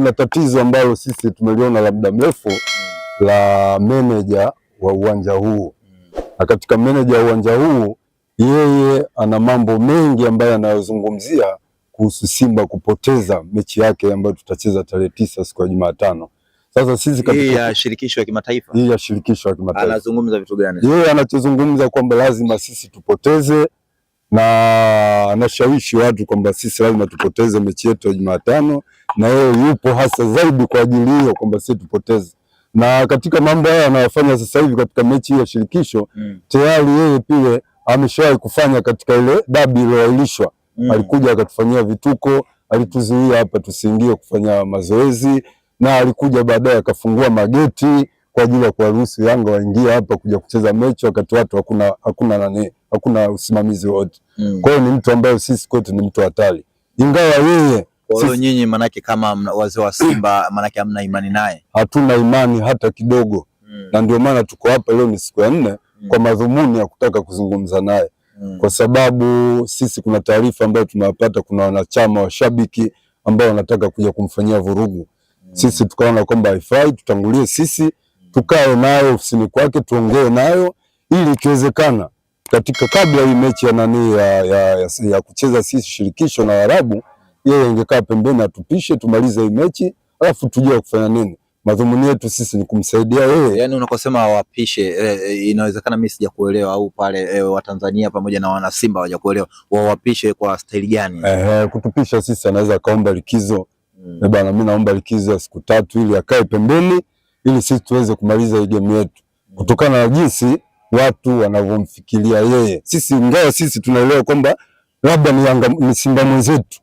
kuna tatizo ambalo sisi tumeliona la muda mrefu la meneja wa uwanja huu, na katika meneja wa uwanja huu yeye ana mambo mengi ambayo anayozungumzia kuhusu Simba kupoteza mechi yake ambayo tutacheza tarehe tisa siku ya Jumatano. Sasa sisi katika ya shirikisho ya kimataifa, ya shirikisho ya kimataifa anazungumza vitu gani? Yeye anachozungumza kwamba lazima sisi tupoteze na anashawishi watu kwamba sisi lazima tupoteze mechi yetu ya Jumatano, na yeye yupo hasa zaidi kwa ajili hiyo kwamba sisi tupoteze. Na katika mambo haya anayofanya sasa hivi katika mechi ya shirikisho mm. tayari yeye pia ameshawahi kufanya katika ile dabi iliyoahirishwa mm. alikuja akatufanyia vituko, alituzuia hapa tusiingie kufanya mazoezi, na alikuja baadaye akafungua mageti kwa ajili ya kuwaruhusu Yanga waingie hapa kuja kucheza mechi wakati watu hakuna hakuna nani, hakuna usimamizi wote mm. Kwa hiyo ni mtu ambaye sisi kwetu ni mtu hatari, ingawa yeye kwa hiyo nyinyi, manake kama wazee wa Simba, manake hamna imani naye? Hatuna imani hata kidogo mm. na ndio maana tuko hapa leo, ni siku ya nne mm. kwa madhumuni ya kutaka kuzungumza naye mm. kwa sababu sisi kuna taarifa ambayo tunapata kuna wanachama washabiki ambao wanataka kuja kumfanyia vurugu mm. Sisi tukaona kwamba haifai, tutangulie sisi tukae nayo ofisini kwake tuongee nayo ili ikiwezekana katika kabla hii mechi ya nani ya, ya, ya, ya kucheza sisi shirikisho na Waarabu, yeye ingekaa pembeni atupishe tumalize hii mechi, alafu tujue kufanya nini. Madhumuni yetu sisi ni kumsaidia yeye. Yani unakosema wapishe eh, eh, inawezekana mimi sijakuelewa au pale eh, Watanzania pamoja na wana Simba hawajakuelewa wawapishe kwa staili gani? Eh, kutupisha sisi anaweza kaomba likizo. Mm. Eh, bwana mimi naomba likizo ya siku tatu ili akae pembeni ili sisi tuweze kumaliza hii game yetu, kutokana na jinsi watu wanavyomfikiria yeye. Sisi ingawa sisi tunaelewa kwamba labda ni Yanga ni Simba mwenzetu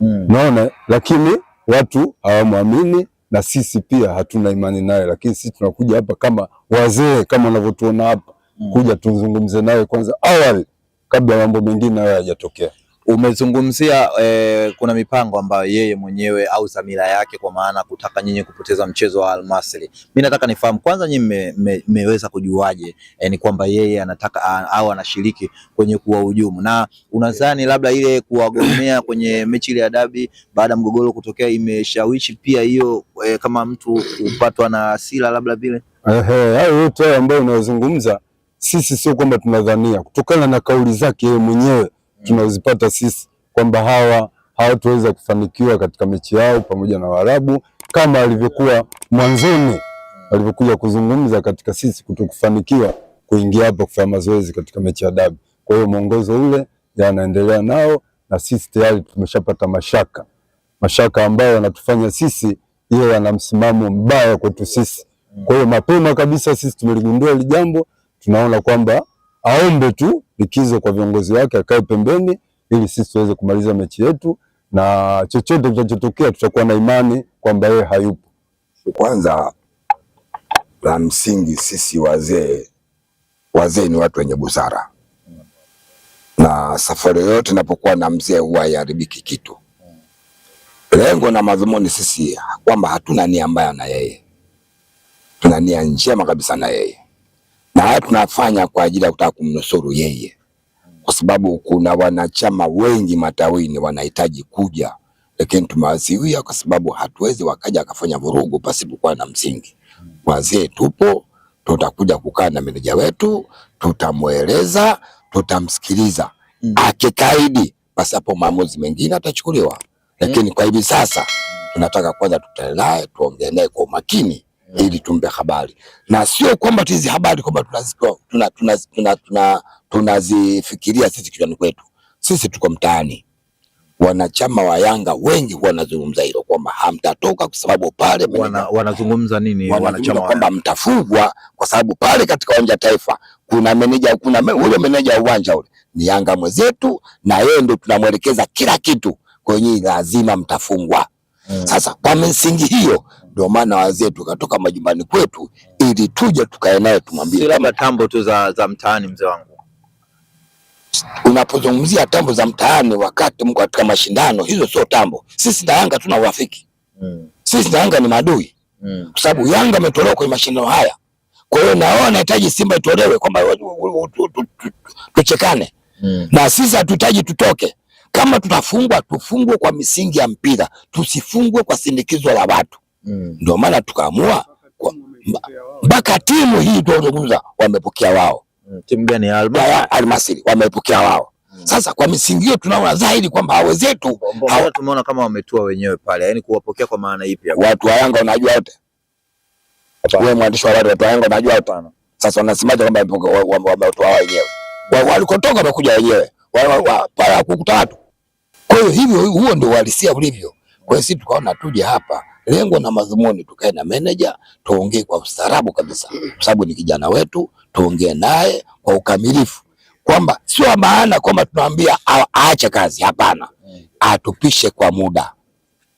mm. naona, lakini watu hawamwamini na sisi pia hatuna imani naye, lakini sisi tunakuja hapa kama wazee, kama wanavyotuona hapa mm. kuja tuzungumze naye kwanza awali kabla mambo mengine hayo hayajatokea. Umezungumzia eh, kuna mipango ambayo yeye mwenyewe au dhamira yake kwa maana kutaka nyinyi kupoteza mchezo wa Almasri. Mimi nataka nifahamu kwanza nyinyi mmeweza me, kujuaje eh, ni kwamba yeye anataka a, au anashiriki kwenye kuwahujumu, na unadhani labda ile kuwagomea kwenye mechi ile ya dabi baada ya mgogoro kutokea imeshawishi pia hiyo eh, kama mtu kupatwa na hasira labda vile? Ehe, hayo yote ambayo unazungumza, sisi sio kwamba tunadhania, kutokana na kauli zake yeye mwenyewe tunazipata sisi kwamba hawa hawatuweza kufanikiwa katika mechi yao pamoja na Waarabu kama alivyokuwa mwanzoni alivyokuja kuzungumza katika sisi kutokufanikiwa kuingia hapa kufanya mazoezi katika mechi ya dabi. Kwa hiyo mwongozo ule anaendelea nao, na sisi tayari tumeshapata mashaka, mashaka ambayo yanatufanya sisi hiyo yana msimamo mbaya kwetu sisi. Kwa hiyo mapema kabisa sisi tumeligundua hili jambo, tunaona kwamba aombe tu likizo kwa viongozi wake, akae pembeni ili sisi tuweze kumaliza mechi yetu, na chochote kitachotokea tutakuwa na imani kwamba yeye hayupo. Kwanza la msingi, sisi wazee, wazee ni watu wenye busara, na safari yoyote inapokuwa na mzee huwa haiharibiki kitu. Lengo na madhumuni sisi kwamba hatuna nia mbaya na yeye, tuna nia njema kabisa na yeye haya tunafanya kwa ajili ya kutaka kumnusuru yeye, kwa sababu kuna wanachama wengi matawini wanahitaji kuja, lakini tumewaziwia kwa sababu hatuwezi wakaja akafanya vurugu pasipokuwa na msingi. Wazee tupo, tutakuja kukaa na meneja wetu, tutamweleza, tutamsikiliza. Hmm. Akikaidi basi hapo maamuzi mengine atachukuliwa, lakini hmm. kwa hivi sasa tunataka kwanza tutae naye, tuongee naye kwa umakini ili tumbe habari, na sio kwamba tu habari kwamba tunazifikiria tuna, tuna, tuna, tuna, tuna sisi kichwani kwetu. Sisi tuko mtaani, wanachama wa Yanga wengi huwa wanazungumza hilo kwamba hamtatoka kwa sababu pale wana, wanazungumza nini? Wanachama kwamba mtafungwa kwa sababu pale katika uwanja Taifa kuna meneja, kuna huyo meneja wa uwanja ule ni Yanga mwenzetu, na yeye ndo tunamwelekeza kila kitu, kwa hiyo lazima mtafungwa. Hmm. Sasa kwa msingi hiyo ndio maana wazee tukatoka majumbani kwetu ili tuje tukae naye tumwambie. Sio labda tambo tu za, za mtaani mzee wangu. Unapozungumzia tambo za mtaani wakati mko katika mashindano, hizo sio tambo. Sisi na Yanga tuna urafiki. Mm. Sisi na Yanga ni maadui. Mm. Kwa sababu Yanga ametolewa kwenye mashindano haya. Kwa hiyo naona nahitaji Simba itolewe kwamba tuchekane. Mm. Na sisi hatuhitaji tutoke. Kama tutafungwa tufungwe kwa misingi ya mpira, tusifungwe kwa sindikizo la watu. Mm. Ndio maana tukaamua mpaka timu hii tunaozungumza wamepokea wao mm. Timu gani? Almasiri wamepokea wao mm. Sasa kwa misingi hiyo tunaona dhahiri kwamba wenzetu hawa tumeona kama wametua wenyewe pale, yani kuwapokea kwa maana ipi? Watu wa Yanga wanajua wote, wewe mwandishi wa watu wa Yanga unajua hapana. Sasa wanasemaje kwamba wametoa wenyewe, walikotoka wamekuja wenyewe para kukuta watu. Kwa hiyo hivyo, huo ndio uhalisia ulivyo. Kwa hiyo sisi tukaona tuje hapa lengo na madhumuni, tukae na meneja tuongee kwa ustaarabu kabisa, kwa sababu ni kijana wetu, tuongee naye kwa ukamilifu, kwamba sio maana kwamba tunaambia aache kazi, hapana, atupishe kwa muda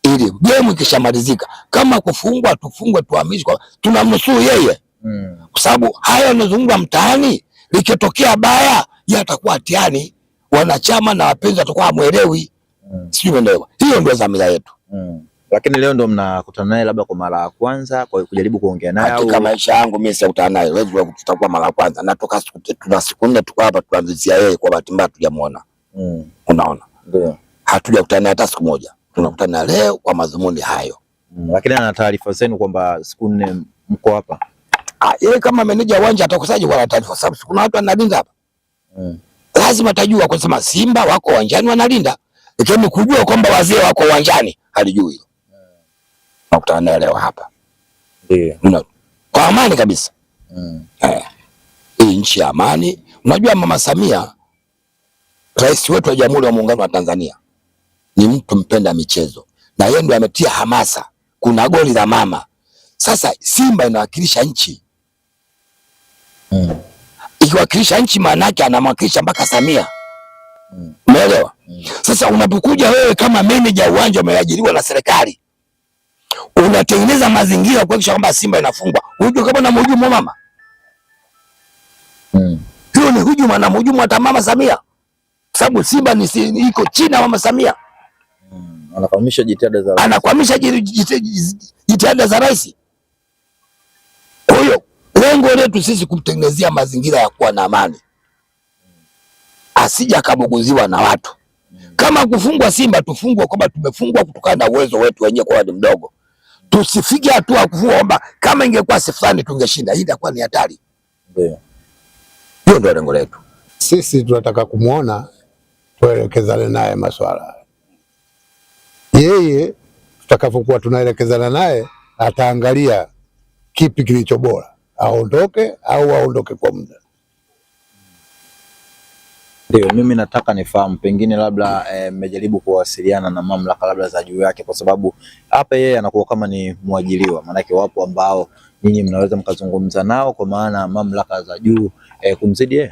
ili game ikishamalizika, kama kufungwa tufungwe, tuhamishwe, tunamnusuru yeye mm. kwa sababu haya yanazungumza mtaani, likitokea baya yeye atakuwa tiani wanachama na wapenzi watakuwa hamwelewi mm. Sijui umeelewa? Hiyo ndio dhamira yetu mm lakini leo ndo mnakutana naye labda kwa mara ya kwanza kwa kujaribu kuongea naye au kama maisha yangu mimi sikutana naye. Wewe tutakuwa mara ya kwanza na toka tuna siku nne tuko hapa tunaanzia yeye, kwa bahati mbaya tujamuona. Mm. Unaona? Ndio. Hatujakutana naye hata siku moja. Tunakutana leo kwa madhumuni hayo. Mm. Lakini ana taarifa zenu kwamba siku nne mko hapa. Ah, yeye kama meneja uwanja atakusaje kwa taarifa kwa sababu kuna watu wanalinda hapa. Mm. Lazima atajua kwa sababu Simba wako uwanjani wanalinda. Ikiwa kujua kwamba wazee wako uwanjani halijui hilo tunakutana nayo leo hapa yeah. kwa amani kabisa mm. Eh, hii nchi ya amani. Unajua Mama Samia rais wetu wa Jamhuri ya Muungano wa Tanzania ni mtu mpenda michezo, na yeye ndiye ametia hamasa, kuna goli la mama. Sasa Simba inawakilisha nchi mm. ikiwakilisha nchi maanake anamwakilisha mpaka Samia mm. umeelewa? mm. Sasa unapokuja wewe kama meneja uwanja umeajiriwa na serikali unatengeneza mazingira kuhakikisha kwamba Simba inafungwa. Hujua kama na mhujumu mama mm. hiyo ni hujuma na mhujumu hata mama Samia, kwa sababu Simba ni iko chini ya mama Samia mm. anakwamisha jitihada za rais, anakwamisha jitihada za rais. Kwa hiyo lengo letu sisi kumtengenezea mazingira ya kuwa na amani, asija kabuguziwa na watu hmm. kama kufungwa Simba tufungwe kwamba tumefungwa kutokana na uwezo wetu wenyewe kwa ni mdogo, tusifike hatua kuomba. Kama ingekuwa si fulani tungeshinda, hii itakuwa ni hatari. Hiyo ndio lengo letu sisi, tunataka kumwona tuelekezane naye maswala yeye, tutakapokuwa tunaelekezana naye ataangalia kipi kilicho bora, aondoke au aondoke kwa muda. Ndio, mimi nataka nifahamu pengine labda eh, mmejaribu eh, kuwasiliana na mamlaka labda za juu yake, kwa sababu hapa yeye anakuwa kama ni mwajiliwa Maanake wapo ambao nyinyi mnaweza mkazungumza nao kwa maana mamlaka za juu e, kumzidi yeye.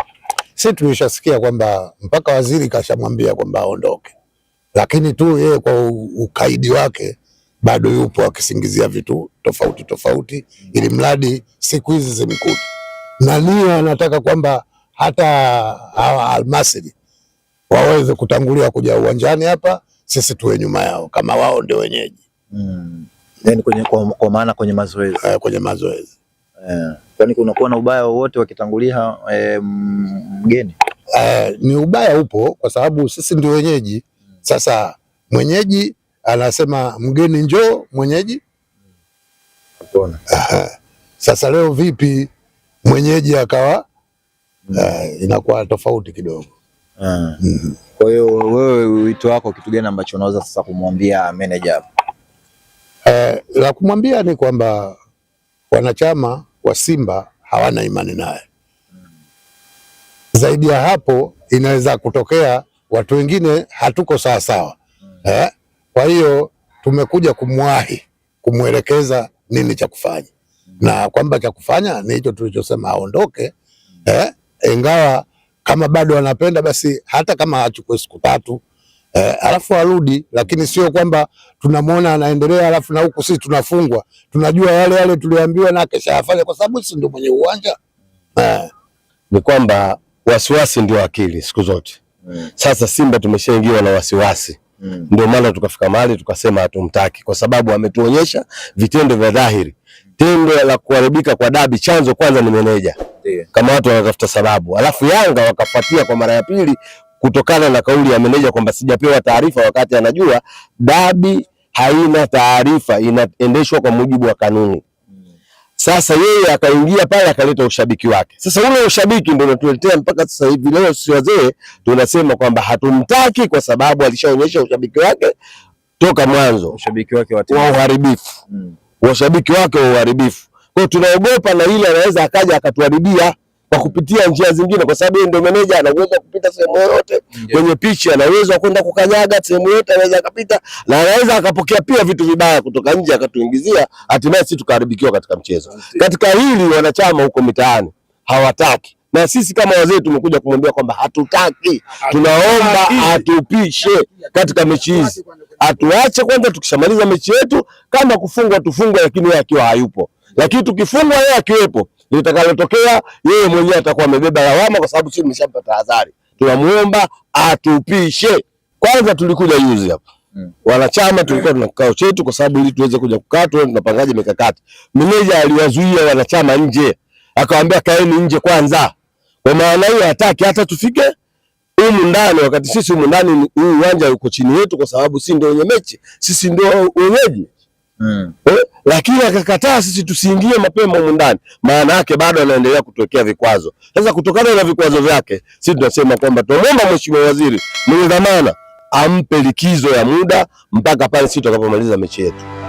Si tulishasikia kwamba mpaka waziri kashamwambia kwamba aondoke, lakini tu yeye kwa ukaidi wake bado yupo akisingizia vitu tofauti tofauti, ili mradi siku hizi zimkuta na nio anataka kwamba hata hawa Almasri waweze kutangulia kuja uwanjani hapa, sisi tuwe nyuma yao kama wao ndio wenyeji mm. Yani kwenye, kwa, kwa maana kwenye mazoezi eh, kwenye mazoezi eh. Yani kunakuwa na ubaya wowote wakitangulia eh, mgeni eh? Ni ubaya upo, kwa sababu sisi ndio wenyeji mm. Sasa mwenyeji anasema mgeni njoo, mwenyeji mm. Sasa leo vipi mwenyeji akawa uh, inakuwa tofauti kidogo. Mm. Kwa hiyo wewe wito wako kitu gani ambacho unaweza sasa kumwambia manager? Eh, la kumwambia ni kwamba wanachama wa Simba hawana imani naye. Zaidi ya hapo inaweza kutokea watu wengine hatuko sawa sawa. Eh, kwa hiyo tumekuja kumwahi kumwelekeza nini cha kufanya na kwamba cha kufanya ni hicho tulichosema aondoke, eh ingawa kama bado wanapenda basi hata kama achukue siku tatu eh, alafu arudi, lakini sio kwamba tunamwona anaendelea alafu na huku sisi tunafungwa. Tunajua yale yale tuliambiwa na kesha afanye, kwa sababu sisi ndio mwenye uwanja eh. Ni kwamba wasiwasi ndio akili siku zote mm. Sasa Simba tumeshaingiwa na wasiwasi mm. Ndio maana tukafika mahali tukasema hatumtaki, kwa sababu ametuonyesha vitendo vya dhahiri. Mm. Tendo la kuharibika kwa dabi, chanzo kwanza ni meneja kama watu wanatafuta sababu, alafu Yanga wakafuatia kwa mara ya pili kutokana na kauli ya meneja kwamba sijapewa taarifa, wakati anajua dabi haina taarifa, inaendeshwa kwa mujibu wa kanuni. Sasa yeye akaingia pale akaleta ushabiki wake. Sasa ule ushabiki ndio unatuletea mpaka sasa hivi leo, sisi wazee tunasema kwamba hatumtaki kwa sababu alishaonyesha ushabiki wake toka mwanzo, ushabiki wake wa uharibifu, ushabiki mm. wake wa uharibifu kwa tunaogopa na ile anaweza akaja akatuharibia kwa kupitia njia zingine, kwa sababu yeye ndio meneja, ana uwezo kupita sehemu yoyote kwenye pichi, ana uwezo wa kwenda kukanyaga sehemu yote, anaweza akapita, na anaweza akapokea pia vitu vibaya kutoka nje akatuingizia, hatimaye sisi tukaharibikiwa katika mchezo. Katika hili wanachama huko mitaani hawataki na sisi kama wazee tumekuja kumwambia kwamba hatutaki, tunaomba atupishe katika mechi hizi, atuache kwanza. Tukishamaliza mechi yetu, kama kufungwa tufungwe, lakini yeye akiwa hayupo. Lakini tukifungwa yeye akiwepo, litakalotokea yeye mwenyewe atakuwa amebeba lawama, kwa sababu sisi tumeshapata adhari. Tunamuomba atupishe kwanza. Tulikuja juzi hapa hmm. wanachama hmm. tulikuwa tuna kikao chetu, kwa sababu ili tuweze kuja kukaa tu tunapangaje mikakati. Meneja aliwazuia wanachama nje, akawaambia kaeni nje kwanza, kwa maana hiyo hataki hata tufike humu ndani, wakati sisi humu ndani, huu uwanja uko chini yetu, kwa sababu sisi ndio wenye mechi, sisi ndio wenyeji mm. eh, lakini akakataa sisi tusiingie mapema humu ndani, maana yake bado anaendelea kutokea vikwazo. Sasa kutokana na vikwazo vyake, sisi tunasema kwamba tunamwomba mheshimiwa waziri mwenye dhamana ampe likizo ya muda mpaka pale sisi tutakapomaliza mechi yetu.